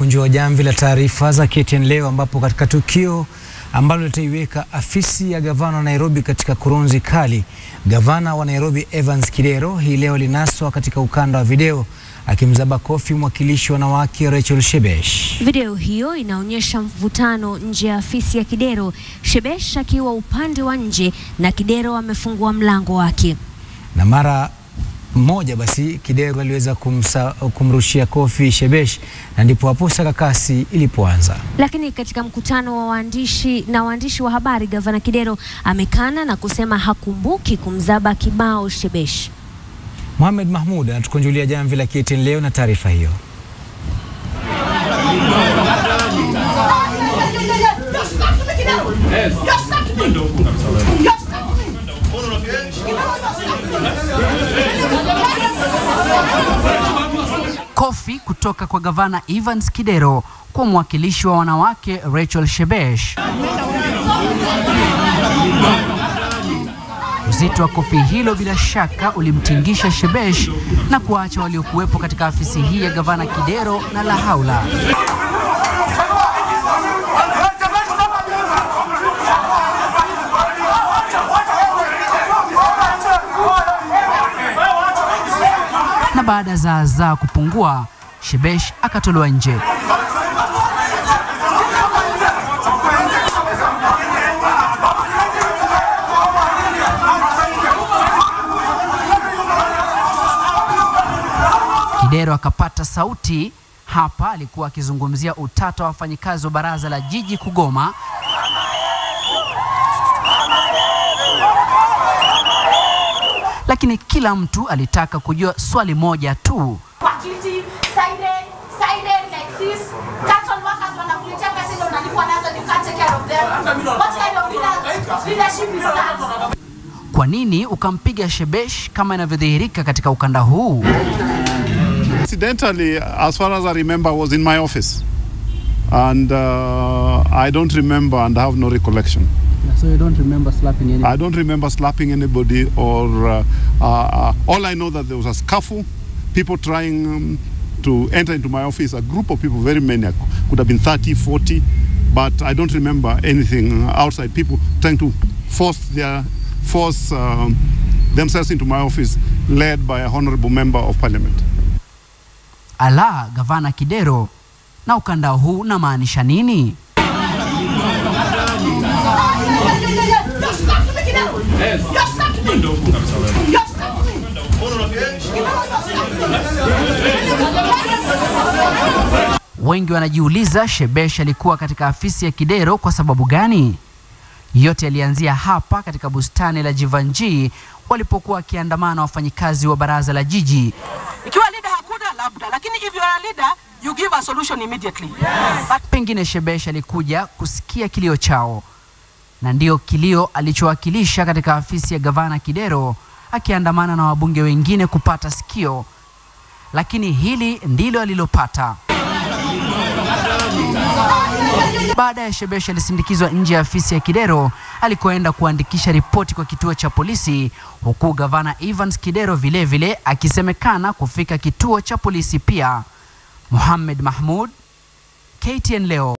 Tunakunjua jamvi la taarifa za KTN leo, ambapo katika tukio ambalo litaiweka afisi ya gavana wa Nairobi katika kurunzi kali, gavana wa Nairobi Evans Kidero hii leo linaswa katika ukanda wa video akimzaba kofi mwakilishi wanawake Rachel Shebesh. Video hiyo inaonyesha mvutano nje ya afisi ya Kidero, Shebesh akiwa upande wa nje na Kidero amefungua mlango wake na mara mmoja basi Kidero aliweza kumrushia kofi Shebesh na ndipo hapo sarakasi ilipoanza. Lakini katika mkutano wa waandishi na waandishi wa habari, gavana Kidero amekana na kusema hakumbuki kumzaba kibao Shebesh. Mohamed Mahmud anatukunjulia jamvi la KTN leo na taarifa hiyo. Yes. Kofi kutoka kwa gavana Evans Kidero kwa mwakilishi wa wanawake Rachel Shebesh. Uzito wa kofi hilo bila shaka ulimtingisha Shebesh na kuacha waliokuwepo katika afisi hii ya gavana Kidero na la haula. baada za zaa kupungua, Shebesh akatolewa nje. Kidero akapata sauti hapa, alikuwa akizungumzia utata wa wafanyikazi wa baraza la jiji kugoma lakini kila mtu alitaka kujua swali moja tu. Kwa nini ukampiga Shebesh kama inavyodhihirika katika ukanda huu? Incidentally, as far as I remember, was in my office and uh, I don't remember and have no recollection. So you don't remember slapping anybody? I don't remember slapping anybody or uh, uh, all I know that there was a scuffle, people trying um, to enter into my office, a group of people, very many, could have been 30, 40, but I don't remember anything outside people trying to force their force um, themselves into my office led by a honorable member of parliament. Ala, Gavana Kidero, na ukanda huu unamaanisha nini? Wengi wanajiuliza Shebesh alikuwa katika afisi ya Kidero kwa sababu gani? Yote yalianzia hapa katika bustani la Jivanji walipokuwa wakiandamana wafanyikazi wa baraza la jiji. Ikiwa leader hakuna labda, lakini if you are a leader you give a solution immediately. Yes. But... Pengine Shebesh alikuja kusikia kilio chao na ndiyo kilio alichowakilisha katika afisi ya gavana Kidero akiandamana na wabunge wengine kupata sikio, lakini hili ndilo alilopata. Baada ya shebesh alisindikizwa nje ya afisi ya Kidero alikoenda kuandikisha ripoti kwa kituo cha polisi, huku gavana Evans Kidero vilevile vile, akisemekana kufika kituo cha polisi pia. Mohamed Mahmud, KTN leo.